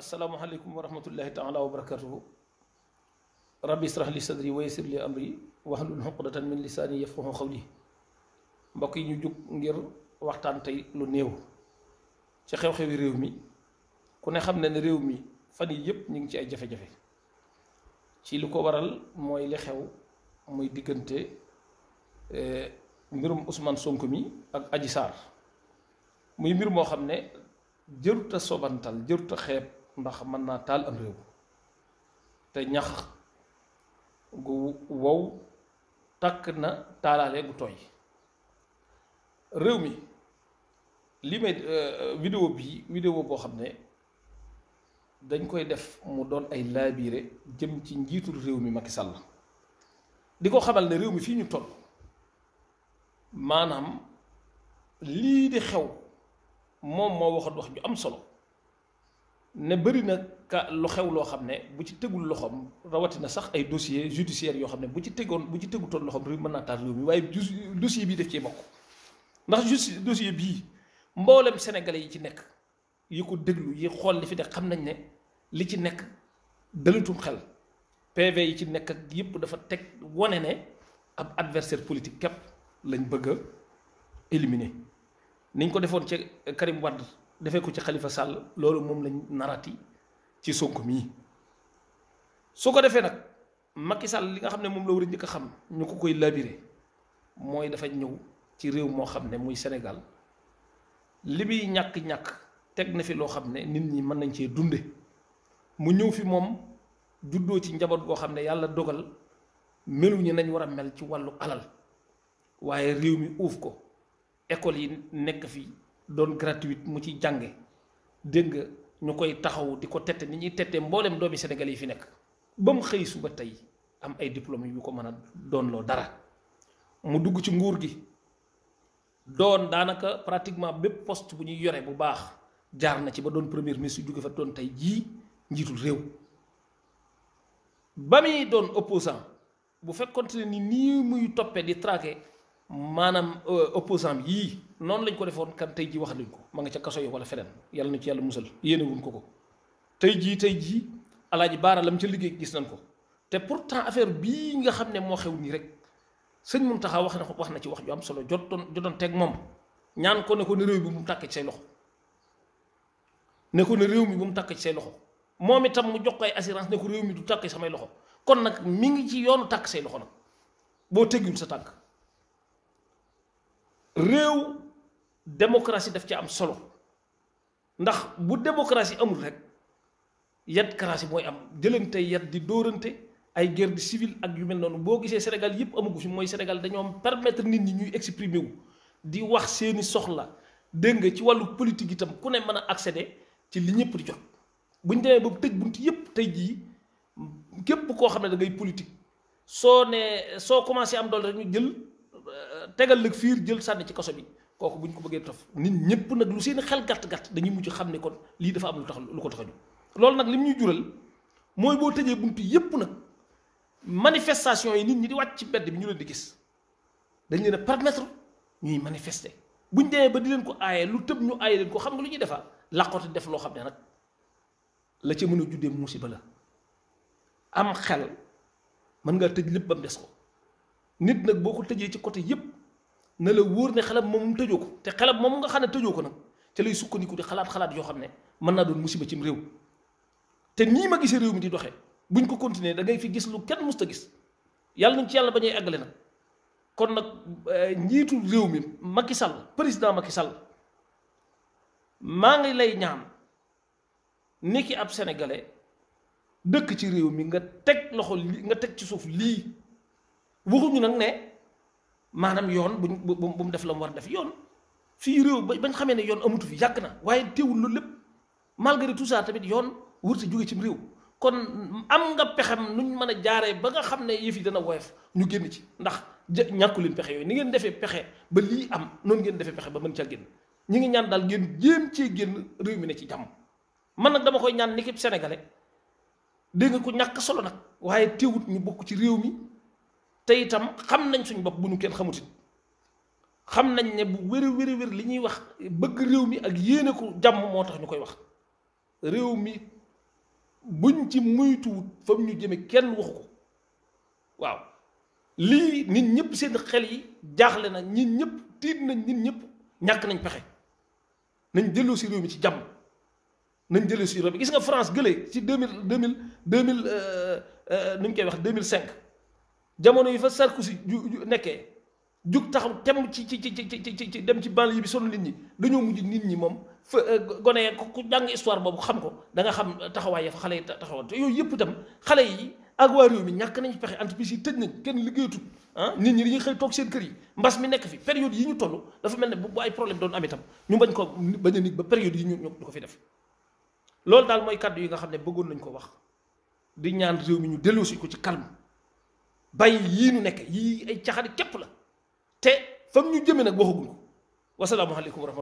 asalaamualeykum wa rahmatullahi taala wa barakatuhu rabbi israh li sadri wa yassir li amri wahlul uqdatan min lisaani yafqahu qawli mbokk yi ñu jug ngir waxtaan tey lu néew ci xew-xewi réew mi ku ne xam na ne réew mi fan yi yëpp ñu ngi ci ay jafe-jafe ci li ko waral mooy li xew muy diggante e, mbirum Ousmane Sonko mi ak Adji Sarr muy mbir moo xam ne jëruta sobantal jëruta xeeb ndax man naa taal am réew te ñax gu wow takk na taalaale gu tooy réew mi li may euh, vidéo bii vidéo boo xam ne dañ koy def mu doon ay laabiire jëm ci njiitul réew mi Macky Sall di ko xamal ne réew mi fii ñu toll maanaam lii di xew moom moo waxat wax ju am solo ne bëri na ka lu xew loo xam ne bu ci tegul loxoom rawatina sax ay dossier judiciaire yoo xam ne bu ci tegoon bu ci tegutoon loxoom réew mën naa taal réew mi waaye dossier bii def cee bokk ndax juste dossier bii mboolem sénégalais yi ci nekk yi ko déglu yi xool li fi de xam nañ ne li ci nekk dalatum xel PV yi ci nekk ak yépp dafa teg wone ne ab adversaire politique képp lañ bëgg a éliminer niñ ko defoon ci Karim Wade defee ko ci xalifa Sall loolu moom lañu narati ci Sonko mii su ko defee nag Macky Sall li nga xam ne moom la war a njëkk xam ñu ko koy labiré mooy dafa ñëw ci réew moo xam ne muy Sénégal li muy ñàkk-ñàkk teg na fi loo xam ne nit ñi mën nañ cee dunde mu ñëw fi moom juddoo ci njaboot goo xam ne yàlla dogal meluñu nañ war a mel ci wàllu alal waaye réew mi uuf ko école yi nekk fi doon gratuite mu ci jànge dégg nga ñu koy taxaw di ko tette ni ñuy tette mboolem doomi Sénégal yi fi nekk ba mu xëy suba tey am ay diplôme yu ko mën a doon loo dara mu dugg ci nguur gi doon daanaka pratiquement bépp post bu ñuy yore bu baax jaar na ci ba doon premier ministre jóge fa doon tey jii njiitul réew ba muy doon opposant bu fekkoonte ne ni nii muy toppee di traqué maanaam euh, opposant yii noonu lañ ko defoon kan tey jii wax nañ ko ma nga ca kaso yi wala feneen yàlla na ci yàlla musal yéenewuñ ko ko tey jii tey jii alaaji baara lam ca liggéey gis nañ ko te pourtant affaire bii nga xam ne moo xew nii rek sëñ Muntaxa wax na ko wax na ci wax ju solo jotoon jotoon teg moom ñaan ko ne ko ne réew mi bu mu tàkk ci say loxo ne ko ne réew mi bu mu tàkk ci say loxo moom itam mu jox ko assurance ne ko réew mi du tàkk samay loxo kon nag mi ngi ci yoonu tàkk say loxo nag boo teggul sa tànk réew démocratie daf ci am solo ndax bu démocratie amul rek yatkarasi mooy am jëlante yat di dóorante ay guerre de civile ak yu mel noonu boo gisee Sénégal yëpp amagu fi mooy Sénégal dañoo am nit ñi ñuy exprimer wu di wax seeni soxla dégg nga ci wàllu politique itam ku ne mën a accéder ci li ñëpp di jot bu ñu demee ba tëj bunt yëpp tey jii képp koo xam ne da ngay politique soo nee soo commencé am doole rek ñu jël euh, tegal lëg fiir jël sànni ci kaso bi kooku bu ñu ko bëggee taf nit ñëpp nag lu seen xel gàtt-gàtt dañuy mujj xam ne kon lii dafa am lu tax lu ko tax a jóg loolu nag lim ñuy jural mooy boo tëjee bunt yëpp nag manifestation yi nit ñi di ci mbedd bi ñu leen di gis dañ leen a permettre ñuy manifester buñ demee ba di leen ko aaye lu tëb ñu aaye leen ko xam nga lu ñuy defar làqote def loo xam ne nag la ca mën a juddee ba la am xel mën ngaa tëj lépp ba mu des ko nit nag boo ko tëjee ci côté yëpp na la wóor ne xelam moom mu tëjoo ko te xelam moom nga xam ne tëjoo ko nag te lay sukkandiku di xalaat xalaat yoo xam ne mën naa doon musiba cim réew te nii ma gisee réew mi di doxee buñ ko continuer da ngay fi gis lu kenn musta gis yàlla nañ ci yàlla bañuy àggale nag kon nag euh, njiitu réew mi Macky Sall président Macky Sall maa ngi lay ñaan ni ki ab sénégalais dëkk ci réew mi nga teg loxo li nga teg ci suuf lii waxuñu nag ne. maanaam yoon buñ bu mu def la mu war def yoon fii réew ba bañ xamee ne yoon amutu fi yàgg na waaye teewul loolu lépp malgré tout ça tamit yoon wërta jóge ci réew kon am nga pexem ñu mën a jaaree ba nga xam ne yëf yi dana woyof ñu génn ci ndax ñàkku leen pexe yooyu ni ngeen defee pexe ba lii am noonu ngeen defee pexe ba mën caa génn ñi ngi ñaan daal génn jéem cee génn réew mi ne ci jàmm man nag dama koy ñaan ni képp sénégalais dégg ko ñàkk solo nag waaye teewut ñu bokk ci réew mi te itam xam nañ suñ bopp bu ñu kenn xamutit xam nañ ne bu wér wér wér li ñuy wax bëgg réew mi ak yéene ko jàmm moo tax ñu koy wax réew mi bu ñu ci muytuwut fam ñu jëme kenn waxu ko waaw lii nit ñëpp seen xel yi jaaxle na nit ñëpp tiit nañ nit ñëpp ñàkk nañ pexe nañ delloo si réew mi ci jàmm nañ delloo si réew mi gis nga France gëlee ci deux mille deux mille deux mille euh, euh, nu ñu koy wax deux mille jamono yi fa si ju nekkee jug taxaw tem ci ci ci ci ci dem ci banlieue bi sonu nit ñi dañoo mujj nit ñi moom fa euh, gone ya ku jàng histoire boobu xam ko da nga xam taxawaay ya xale yi taxawoon te yooyu yëpp itam xale yi ak waa réew mi ñàkk nañu pexe entreprise yi tëj nañ kenn liggéeyatut ah nit ñi dañuy xëy toog seen kër yi mbas mi nekk fi période yi ñu toll dafa mel ne bu ay problème doon am itam ñu bañ ko bañ a nit ba période yi ñu du ko fi def loolu daal mooy yi nga xam ne bëggoon nañ ko wax di ñaan réew mi ñu delloosi ko ci calme bàyyi yii nu nekk yii ay caxari képp la te fam ñu jëme nag waxaguñ ko war wa rahmatulah